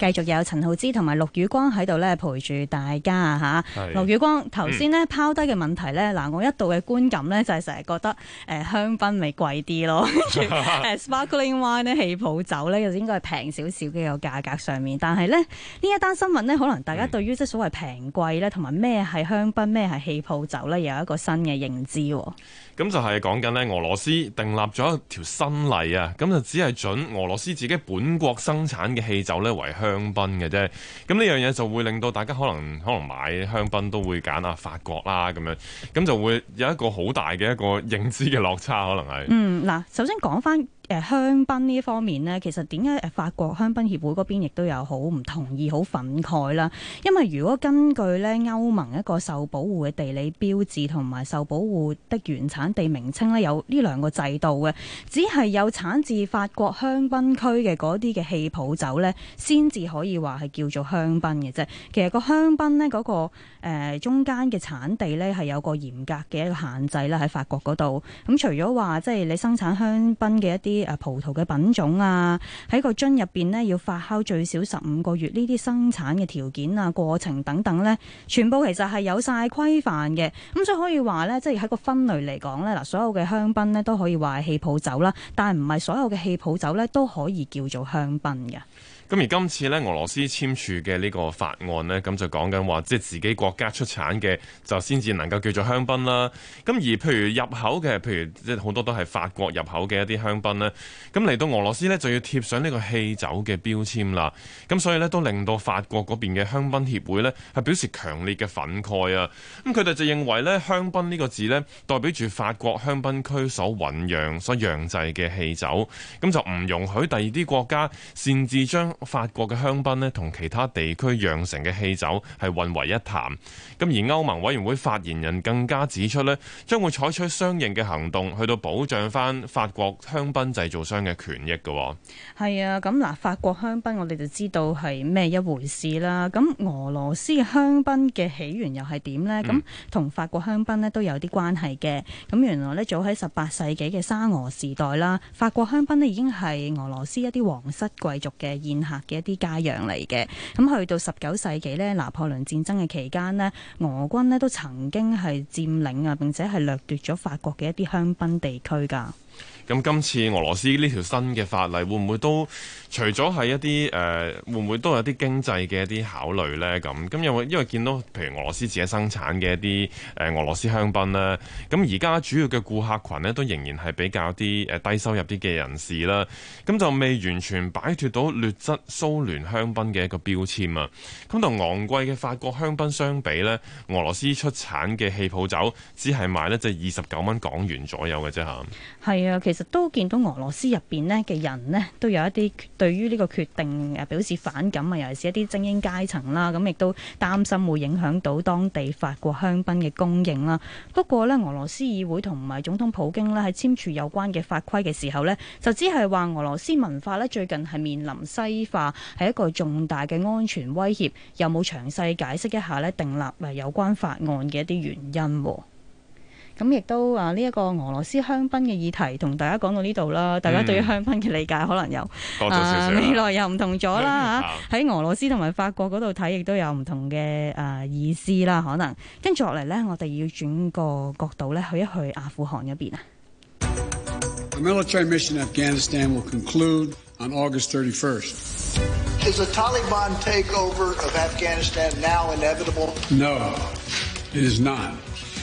繼續有陳浩之同埋陸宇光喺度咧陪住大家啊嚇！陸宇光頭先咧拋低嘅問題咧，嗱、嗯、我一度嘅觀感咧就係成日覺得誒、呃、香檳咪貴啲咯，誒、 呃、sparkling wine 咧氣泡酒咧就應該係平少少嘅個價格上面，但係咧呢這一單新聞咧，可能大家對於即係所謂平貴咧同埋咩係香檳咩係氣泡酒咧，有一個新嘅認知。咁就係講緊咧，俄羅斯訂立咗一條新例啊！咁就只係准俄羅斯自己本國生產嘅汽酒咧為香檳嘅啫。咁呢樣嘢就會令到大家可能可能買香檳都會揀啊法國啦咁樣，咁就會有一個好大嘅一個認知嘅落差，可能係嗯嗱。首先講翻。誒香檳呢方面呢，其實點解法國香檳協會嗰邊亦都有好唔同意、好憤慨啦，因為如果根據呢歐盟一個受保護嘅地理標誌同埋受保護的原產地名稱呢，有呢兩個制度嘅，只係有產自法國香檳區嘅嗰啲嘅氣泡酒呢，先至可以話係叫做香檳嘅啫。其實個香檳呢，嗰個。誒中間嘅產地呢係有個嚴格嘅一個限制啦，喺法國嗰度。咁除咗話即係你生產香檳嘅一啲誒葡萄嘅品種啊，喺個樽入邊呢要發酵最少十五個月，呢啲生產嘅條件啊、過程等等呢，全部其實係有晒規範嘅。咁所以可以話呢，即係喺個分類嚟講呢，嗱所有嘅香檳呢都可以話係氣泡酒啦，但係唔係所有嘅氣泡酒呢都可以叫做香檳嘅。咁而今次咧，俄羅斯簽署嘅呢個法案咧，咁就講緊話即係自己國家出產嘅就先至能夠叫做香檳啦。咁而譬如入口嘅，譬如即係好多都係法國入口嘅一啲香檳咧。咁嚟到俄羅斯咧，就要貼上呢個汽酒嘅標籤啦。咁所以咧，都令到法國嗰邊嘅香檳協會咧係表示強烈嘅憤慨啊！咁佢哋就認為咧，香檳呢個字咧，代表住法國香檳區所醞釀、所釀製嘅汽酒，咁就唔容許第二啲國家擅自將。法國嘅香檳呢，同其他地區釀成嘅汽酒係混為一談。咁而歐盟委員會發言人更加指出呢，將會採取相應嘅行動，去到保障翻法國香檳製造商嘅權益嘅。係啊，咁嗱，法國香檳我哋就知道係咩一回事啦。咁俄羅斯香檳嘅起源又係點呢？咁同法國香檳呢都有啲關係嘅。咁原來呢早喺十八世紀嘅沙俄時代啦，法國香檳呢已經係俄羅斯一啲皇室貴族嘅宴。嘅一啲佳釀嚟嘅，咁去到十九世紀呢，拿破崙戰爭嘅期間呢，俄軍呢都曾經係佔領啊，並且係掠奪咗法國嘅一啲香檳地區噶。咁今次俄羅斯呢條新嘅法例會唔會都除咗係一啲誒、呃，會唔會都有啲經濟嘅一啲考慮呢？咁咁因為見到譬如俄羅斯自己生產嘅一啲誒俄羅斯香檳啦，咁而家主要嘅顧客群呢都仍然係比較誒啲低收入啲嘅人士啦，咁就未完全擺脱到劣質蘇聯香檳嘅一個標籤啊。咁同昂貴嘅法國香檳相比呢，俄羅斯出產嘅氣泡酒只係賣呢即係二十九蚊港元左右嘅啫吓。係啊。其實都見到俄羅斯入邊呢嘅人呢，都有一啲對於呢個決定表示反感啊，尤其是一啲精英階層啦，咁亦都擔心會影響到當地法國香檳嘅供應啦。不過呢，俄羅斯議會同埋總統普京呢，喺簽署有關嘅法規嘅時候呢，就只係話俄羅斯文化呢，最近係面臨西化，係一個重大嘅安全威脅。有冇詳細解釋一下呢？定立埋有關法案嘅一啲原因？咁、嗯、亦都啊，呢、這、一個俄羅斯香檳嘅議題同大家講到呢度啦，大家對於香檳嘅理解可能有、嗯、啊多少少，未來又唔同咗啦嚇。喺、嗯啊啊、俄羅斯同埋法國嗰度睇，亦都有唔同嘅誒、啊、意思啦，可能跟住落嚟咧，我哋要轉個角度咧，去一去阿富汗入邊啦。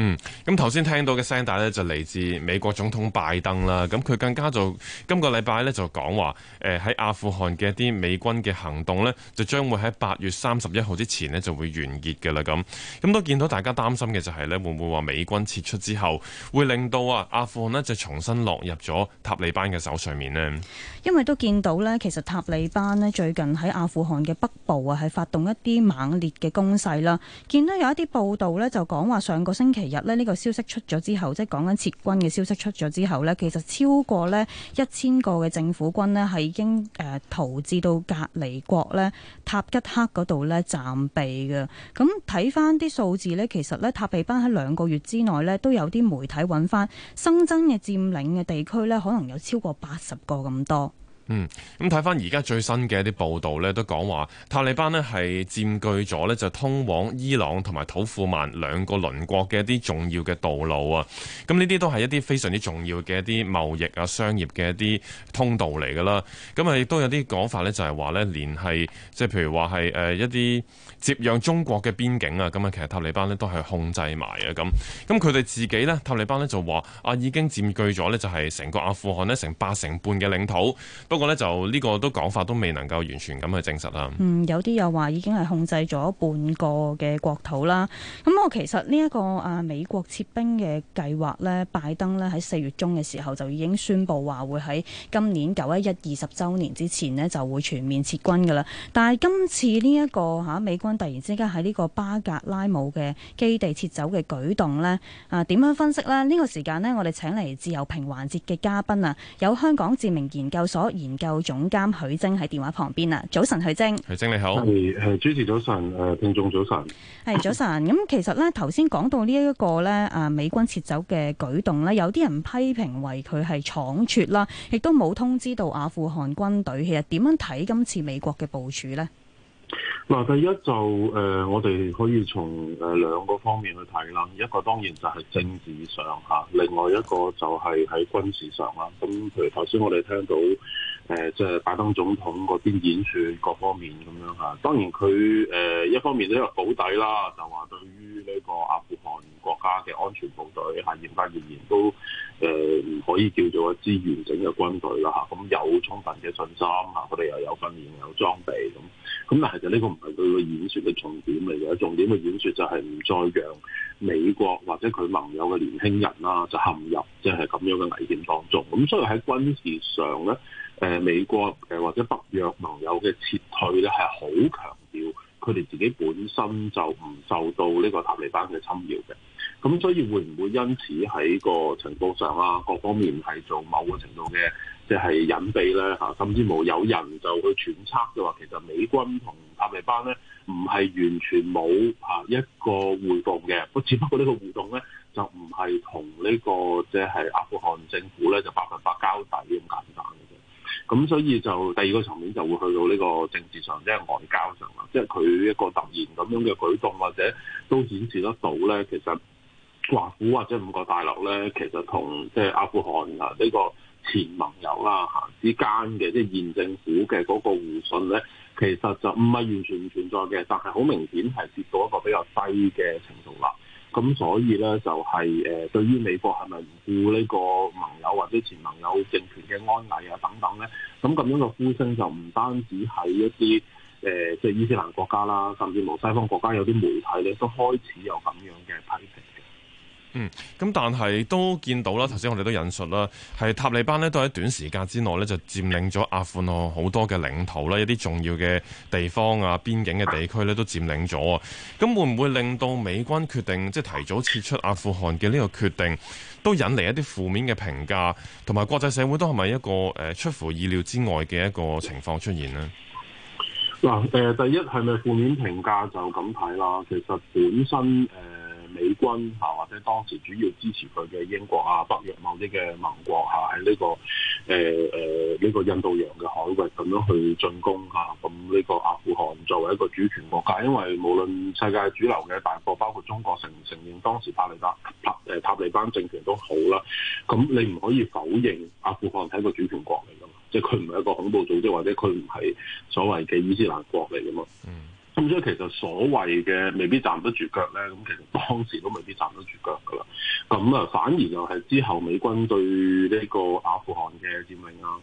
嗯，咁頭先聽到嘅聲帶咧，就嚟自美國總統拜登啦。咁佢更加就今個禮拜咧就講話，呃、喺阿富汗嘅啲美軍嘅行動呢，就將會喺八月三十一號之前呢就會完結嘅啦。咁咁都見到大家擔心嘅就係呢會唔會話美軍撤出之後，會令到啊阿富汗呢，就重新落入咗塔利班嘅手上面呢？因為都見到呢，其實塔利班呢最近喺阿富汗嘅北部啊，係發動一啲猛烈嘅攻勢啦。見到有一啲報道呢，就講話上個星期日呢，呢個消息出咗之後，即係講緊撤軍嘅消息出咗之後呢，其實超過呢一千個嘅政府軍呢，係已經、呃、逃至到隔離國呢塔吉克嗰度呢，暫避嘅。咁睇翻啲數字呢，其實呢塔利班喺兩個月之內呢，都有啲媒體揾翻新增嘅佔領嘅地區呢，可能有超過八十個咁多。嗯，咁睇翻而家最新嘅一啲報道呢，都講話塔利班呢係佔據咗呢，就通往伊朗同埋土庫曼兩個鄰國嘅一啲重要嘅道路啊，咁呢啲都係一啲非常之重要嘅一啲貿易啊、商業嘅一啲通道嚟噶啦，咁啊亦都有啲講法呢就係話呢連係即係譬如話係、呃、一啲接壤中國嘅邊境啊，咁啊其實塔利班呢都係控制埋啊，咁，咁佢哋自己呢，塔利班呢就話啊已經佔據咗呢，就係成個阿富汗呢成八成半嘅領土，不咧，就呢個都講法都未能夠完全咁去證實啦。嗯，有啲又話已經係控制咗半個嘅國土啦。咁我其實呢一個啊美國撤兵嘅計劃咧，拜登咧喺四月中嘅時候就已經宣布話會喺今年九一一二十周年之前咧就會全面撤軍噶啦。但係今次呢、這、一個吓、啊、美軍突然之間喺呢個巴格拉姆嘅基地撤走嘅舉動呢，啊，點樣分析呢？呢、這個時間呢，我哋請嚟自由評環節嘅嘉賓啊，有香港智明研究所研究總監許楨喺電話旁邊啦，早晨許楨，許楨你好，係主持早晨，誒，聽眾早晨，係早晨。咁其實呢，頭先講到呢一個呢，誒，美軍撤走嘅舉動呢，有啲人批評為佢係倉促啦，亦都冇通知到阿富汗軍隊。其實點樣睇今次美國嘅部署呢？嗱，第一就誒，我哋可以從誒兩個方面去睇啦。一個當然就係政治上吓，另外一個就係喺軍事上啦。咁譬如頭先我哋聽到。誒即係拜登總統嗰邊演説各方面咁樣吓，當然佢誒、呃、一方面都有保底啦，就話對於呢個阿國家嘅安全部隊，核驗翻現現都唔可以叫做一支完整嘅軍隊啦嚇。咁有充分嘅信心嚇，佢哋又有訓練，有裝備咁。咁但係就呢個唔係佢個演説嘅重點嚟嘅，重點嘅演説就係唔再讓美國或者佢盟友嘅年輕人啦，就陷入即係咁樣嘅危險當中。咁所以喺軍事上咧，誒美國誒或者北約盟友嘅撤退咧，係好強調佢哋自己本身就唔受到呢個塔利班嘅侵擾嘅。咁所以會唔會因此喺個情報上啦、啊，各方面係做某個程度嘅即係隱蔽咧吓，甚至冇有人就去揣測嘅話，其實美軍同塔利班咧唔係完全冇啊一個互動嘅，不只不過呢個互動咧就唔係同呢個即係阿富汗政府咧就百分百交底咁簡單嘅啫。咁所以就第二個層面就會去到呢個政治上，即係外交上啦，即係佢一個突然咁樣嘅舉動，或者都顯示得到咧，其實。華府或者五角大樓咧，其實同即係阿富汗啊呢、呢個前盟友啦，之間嘅即係現政府嘅嗰個互信咧，其實就唔係完全唔存在嘅，但係好明顯係跌到一個比較低嘅程度啦。咁所以咧就係、是、誒對於美國係咪唔顧呢個盟友或者前盟友政權嘅安危啊等等咧，咁咁樣嘅呼聲就唔單止喺一啲誒即係伊斯蘭國家啦，甚至乎西方國家有啲媒體咧都開始有咁樣嘅批評。嗯，咁但係都見到啦，頭先我哋都引述啦，係塔利班呢都喺短時間之內呢就佔領咗阿富汗好多嘅領土啦，一啲重要嘅地方啊，邊境嘅地區呢都佔領咗啊。咁會唔會令到美軍決定即係、就是、提早撤出阿富汗嘅呢個決定，都引嚟一啲負面嘅評價，同埋國際社會都係咪一個誒出乎意料之外嘅一個情況出現呢？嗱，誒，第一係咪負面評價就咁睇啦？其實本身誒。呃美軍嚇，或者當時主要支持佢嘅英國啊、北約某啲嘅盟國嚇，喺、啊、呢、這個誒誒呢個印度洋嘅海域咁樣去進攻嚇。咁、啊、呢個阿富汗作為一個主權國家，因為無論世界主流嘅大國，包括中國承唔承認當時塔利班塔誒塔利班政權都好啦。咁你唔可以否認阿富汗係一個主權國嚟噶嘛？即係佢唔係一個恐怖組織，或者佢唔係所謂嘅伊斯蘭國嚟噶嘛？嗯。咁所以其實所謂嘅未必站得住腳咧，咁其實當時都未必站得住腳噶啦。咁啊，反而就係之後美軍對呢個阿富汗嘅佔領啊，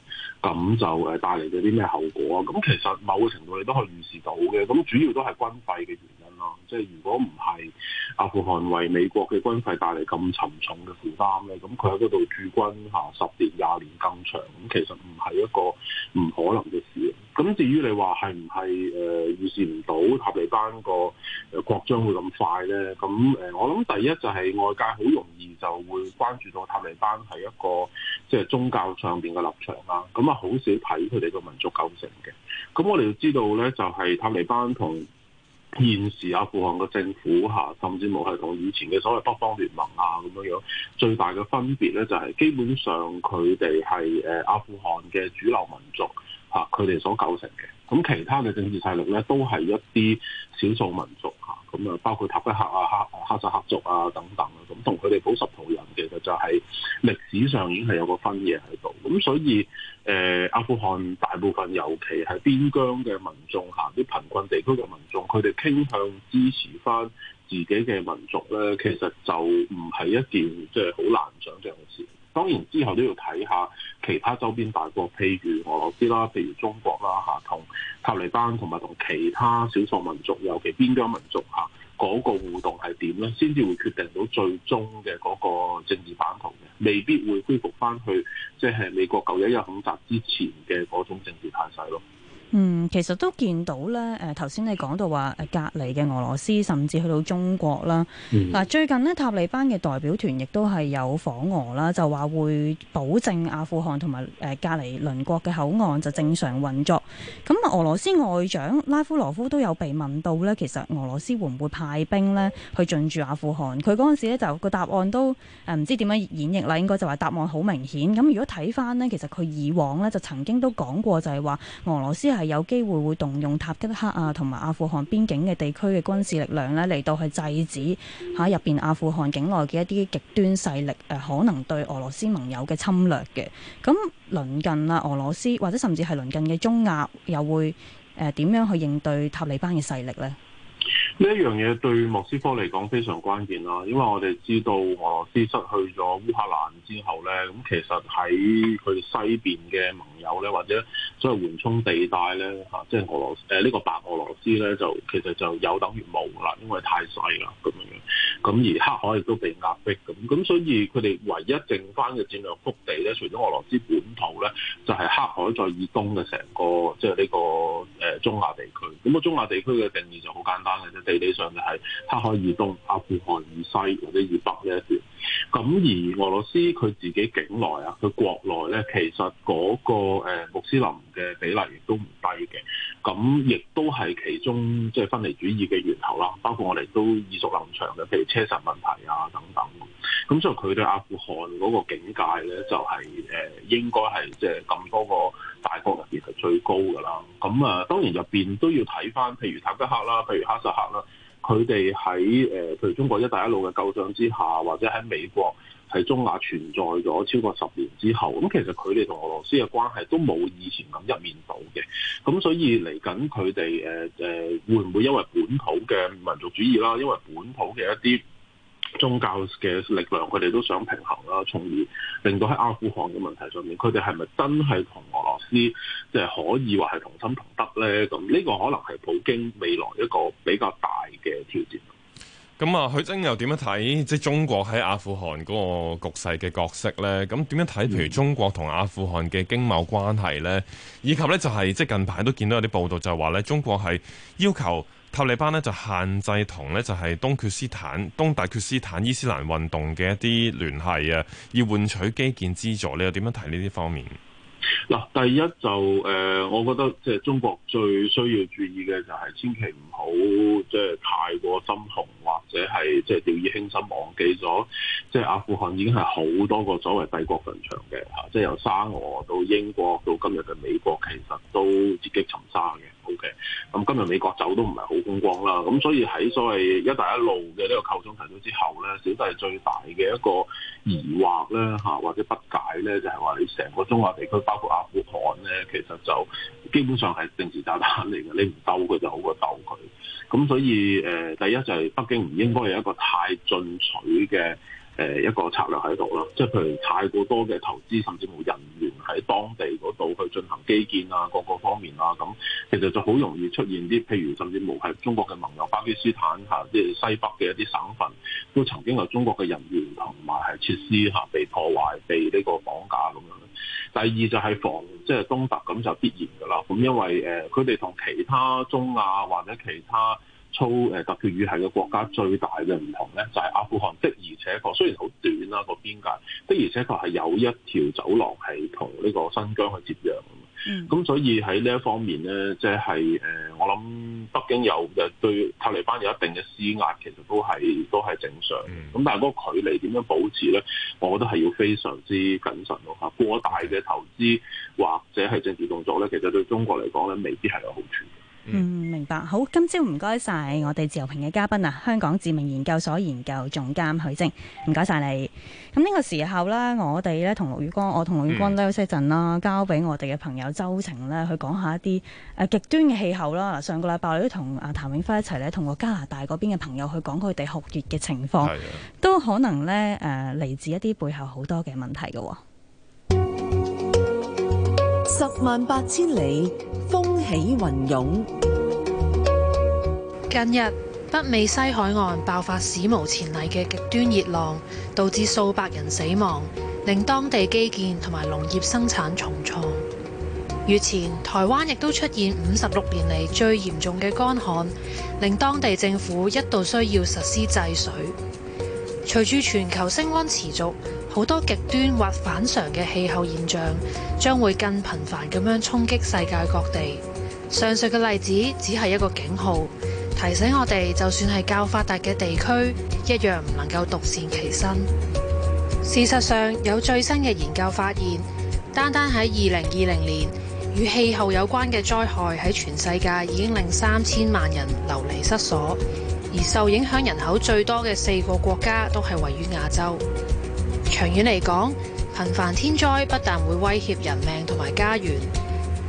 咁就誒帶嚟咗啲咩後果啊？咁其實某個程度你都可以預示到嘅。咁主要都係軍費嘅原因啦。即係如果唔係阿富汗為美國嘅軍費帶嚟咁沉重嘅負擔咧，咁佢喺嗰度駐軍十年廿年咁長，咁其實唔係一個唔可能嘅事。咁至於你話係唔係誒預示唔到塔利班個擴張會咁快咧？咁我諗第一就係外界好容易就會關注到塔利班係一個即係宗教上面嘅立場啦。咁啊，好少睇佢哋個民族構成嘅。咁我哋要知道咧，就係、是、塔利班同現時阿富汗嘅政府甚至冇係同以前嘅所謂北方聯盟啊咁樣樣，最大嘅分別咧就係基本上佢哋係誒阿富汗嘅主流民族。佢哋所構成嘅咁，其他嘅政治勢力咧，都係一啲少數民族嚇，咁啊，包括塔吉克啊、哈、哈薩克族啊等等，咁同佢哋普什圖人其實就係歷史上已經係有一個分野喺度。咁、啊、所以，誒、呃、阿富汗大部分，尤其係邊疆嘅民眾嚇，啲、啊、貧困地區嘅民眾，佢哋傾向支持翻自己嘅民族咧，其實就唔係一件即係好難想象嘅事。當然之後都要睇下其他周邊大國，譬如俄羅斯啦，譬如中國啦，吓同塔利班同埋同其他少數民族，尤其邊疆民族嗰、那個互動係點咧，先至會決定到最終嘅嗰個政治版圖嘅，未必會恢復翻去即係、就是、美國九一一恐襲之前嘅嗰種政治態勢咯。嗯，其實都見到咧，誒頭先你講到話誒隔離嘅俄羅斯，甚至去到中國啦。嗱、嗯，最近咧塔利班嘅代表團亦都係有訪俄啦，就話會保證阿富汗同埋誒隔離鄰國嘅口岸就正常運作。咁啊俄羅斯外長拉夫羅夫都有被問到咧，其實俄羅斯會唔會派兵咧去進駐阿富汗？佢嗰陣時呢咧就個答案都誒唔知點樣演繹啦，應該就話答案好明顯，咁如果睇翻咧，其實佢以往咧就曾經都講過就，就係話俄羅斯。係有機會會動用塔吉克啊，同埋阿富汗邊境嘅地區嘅軍事力量咧，嚟到去制止吓入邊阿富汗境內嘅一啲極端勢力誒，可能對俄羅斯盟友嘅侵略嘅。咁鄰近啊，俄羅斯或者甚至係鄰近嘅中亞又會誒點樣去應對塔利班嘅勢力呢？呢一樣嘢對莫斯科嚟講非常關鍵啦，因為我哋知道俄羅斯失去咗烏克蘭之後呢，咁其實喺佢西邊嘅盟。有咧，或者所謂緩衝地帶咧，嚇，即係俄羅斯呢、呃這個白俄羅斯咧，就其實就有等於冇啦，因為太細啦，咁樣，咁而黑海亦都被壓迫咁，咁所以佢哋唯一剩翻嘅戰略腹地咧，除咗俄羅斯本土咧，就係、是、黑海再以東嘅成個即係呢個誒、呃、中亞地區。咁啊，中亞地區嘅定義就好簡單嘅啫，地理上就係黑海以東、阿富汗以西或者以北呢一段。咁而俄羅斯佢自己境內啊，佢國內咧，其實嗰個穆斯林嘅比例亦都唔低嘅，咁亦都係其中即係分離主義嘅源頭啦。包括我哋都耳熟能詳嘅，譬如車臣問題啊等等。咁所以佢對阿富汗嗰個境界咧，就係誒應該係即係咁多個大國入面係最高㗎啦。咁啊，當然入面都要睇返，譬如塔吉克啦，譬如哈薩克啦，佢哋喺誒譬如中國一帶一路嘅構想之下，或者喺美國喺中亞存在咗超過十年之後，咁其實佢哋同俄羅斯嘅關係都冇以前咁一面倒嘅。咁所以嚟緊佢哋誒誒會唔會因為本土嘅民族主義啦，因為本土嘅一啲宗教嘅力量，佢哋都想平衡啦，從而令到喺阿富汗嘅問題上面，佢哋係咪真係同俄羅斯即係可以話，係同心同德咧？咁呢個可能係普京未來一個比較大嘅挑戰。咁、嗯、啊，許楨又點樣睇即係中國喺阿富汗嗰個局勢嘅角色咧？咁點樣睇？譬如中國同阿富汗嘅經貿關係咧，以及咧就係即係近排都見到有啲報道就係話咧，中國係要求。塔利班呢就限制同呢就係東突厥斯坦，東突厥斯坦伊斯蘭運動嘅一啲聯繫啊，以換取基建資助，你又點樣睇呢啲方面？嗱，第一就誒，我覺得即係中國最需要注意嘅就係千祈唔好即係太過心雄，或者係即係掉以輕心，忘記咗即係阿富汗已經係好多個所謂帝國墳場嘅嚇，即係由沙俄到英國到今日嘅美國，其實都折戟沉沙嘅。好、okay. 嘅、嗯，咁今日美國走都唔係好風光啦，咁所以喺所謂一帶一路嘅呢個構想提出之後咧，小弟最大嘅一個疑惑咧或者不解咧，就係、是、話你成個中華地區包括阿富汗咧，其實就基本上係政治炸彈嚟嘅，你唔鬥佢就好過鬥佢，咁所以、呃、第一就係北京唔應該有一個太進取嘅。誒一個策略喺度咯，即係譬如太過多嘅投資，甚至乎人員喺當地嗰度去進行基建啊，各個方面啊，咁其實就好容易出現啲，譬如甚至乎係中國嘅盟友巴基斯坦嚇，即係西北嘅一啲省份都曾經有中國嘅人員同埋係設施嚇被破壞、被呢個綁架咁樣。第二就係防即係、就是、東突咁就必然噶啦。咁因為誒佢哋同其他中亞或者其他。粗誒特別與係個國家最大嘅唔同咧，就係、是、阿富汗的而且確雖然好短啦、啊、個邊界的而且確係有一條走廊係同呢個新疆去接壤。咁、嗯、所以喺呢一方面咧，即係誒我諗北京有誒對塔利班有一定嘅施壓，其實都係都係正常的。咁、嗯、但係嗰個距離點樣保持咧？我覺得係要非常之謹慎咯嚇。過大嘅投資或者係政治動作咧，其實對中國嚟講咧，未必係有好處的。嗯。好，今朝唔該晒我哋自由評嘅嘉賓啊，香港智明研究所研究總監許楨，唔該晒你。咁呢個時候呢，我哋呢同盧宇光，我同盧宇光休息些陣啦，交俾我哋嘅朋友周澄呢去講下一啲誒極端嘅氣候啦。上個禮拜我都同阿譚永輝一齊呢，同個加拿大嗰邊嘅朋友去講佢哋酷熱嘅情況，都可能呢誒嚟自一啲背後好多嘅問題噶。十萬八千里，風起雲湧。近日，北美西海岸爆發史無前例嘅極端熱浪，導致數百人死亡，令當地基建同埋農業生產重創。月前，台灣亦都出現五十六年嚟最嚴重嘅乾旱，令當地政府一度需要實施制水。隨住全球升温持續，好多極端或反常嘅氣候現象將會更頻繁咁樣衝擊世界各地。上述嘅例子只係一個警號。提醒我哋，就算係較發達嘅地區，一樣唔能夠獨善其身。事實上，有最新嘅研究發現，單單喺二零二零年，與氣候有關嘅災害喺全世界已經令三千萬人流離失所，而受影響人口最多嘅四個國家都係位於亞洲。長遠嚟講，頻繁天災不但會威脅人命同埋家園，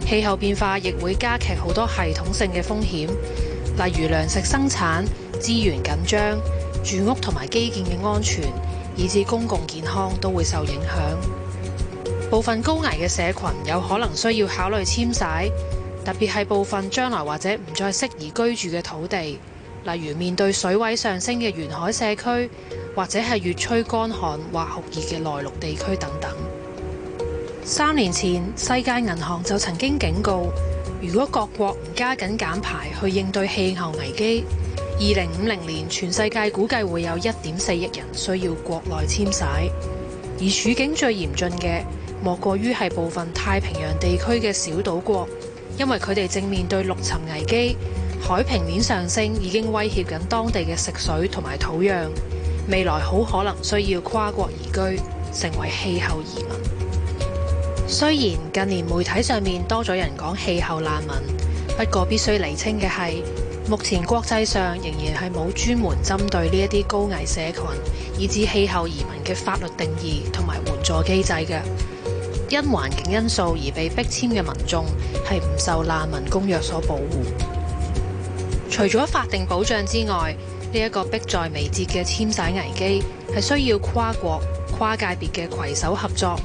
氣候變化亦會加劇好多系統性嘅風險。例如糧食生產、資源緊張、住屋同埋基建嘅安全，以至公共健康都會受影響。部分高危嘅社群有可能需要考慮遷徙，特別係部分將來或者唔再適宜居住嘅土地，例如面對水位上升嘅沿海社區，或者係越趨乾旱或酷熱嘅內陸地區等等。三年前，世界銀行就曾經警告，如果各國唔加緊減排去應對氣候危機，二零五零年全世界估計會有一點四億人需要國內遷徙，而處境最嚴峻嘅莫過於係部分太平洋地區嘅小島國，因為佢哋正面對陸沉危機，海平面上升已經威脅緊當地嘅食水同埋土壤，未來好可能需要跨國移居，成為氣候移民。雖然近年媒體上面多咗人講氣候難民，不過必須厘清嘅係，目前國際上仍然係冇專門針對呢一啲高危社群，以至氣候移民嘅法律定義同埋援助機制嘅。因環境因素而被逼遷嘅民眾係唔受難民公約所保護。除咗法定保障之外，呢、這、一個迫在眉睫嘅遷徙危機係需要跨國、跨界別嘅携手合作。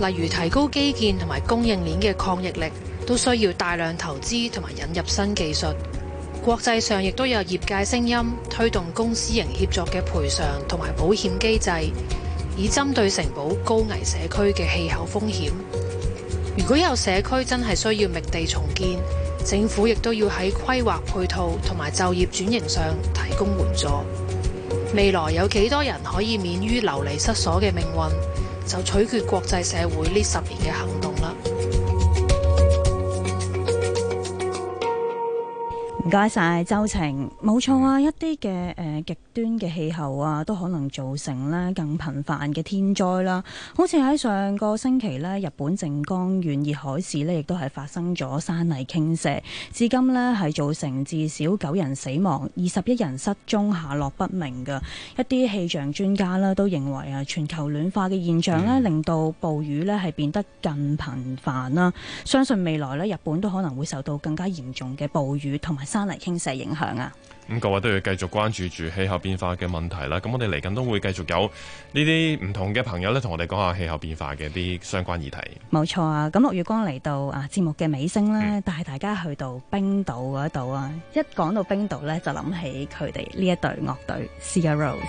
例如提高基建同埋供應鏈嘅抗疫力，都需要大量投資同埋引入新技術。國際上亦都有業界聲音推動公私營協作嘅賠償同埋保險機制，以針對城堡高危社區嘅氣候風險。如果有社區真係需要覓地重建，政府亦都要喺規劃配套同埋就業轉型上提供援助。未來有幾多人可以免於流離失所嘅命運？就取決國際社會呢十年嘅行動。唔該晒，周晴，冇錯啊！一啲嘅誒極端嘅氣候啊，都可能造成咧更頻繁嘅天災啦。好似喺上個星期咧，日本靜岡縣熱海市咧，亦都係發生咗山泥傾瀉，至今咧係造成至少九人死亡、二十一人失蹤、下落不明嘅。一啲氣象專家啦都認為啊，全球暖化嘅現象咧、嗯，令到暴雨咧係變得更頻繁啦。相信未來咧，日本都可能會受到更加嚴重嘅暴雨同埋翻嚟傾細影響啊！咁各位都要繼續關注住氣候變化嘅問題啦。咁我哋嚟緊都會繼續有呢啲唔同嘅朋友咧，同我哋講下氣候變化嘅一啲相關議題。冇錯啊！咁六月光嚟到啊，節目嘅尾聲啦，帶、嗯、大家去到冰島嗰度啊，一講到冰島咧，就諗起佢哋呢一隊樂隊 Sigur Rós。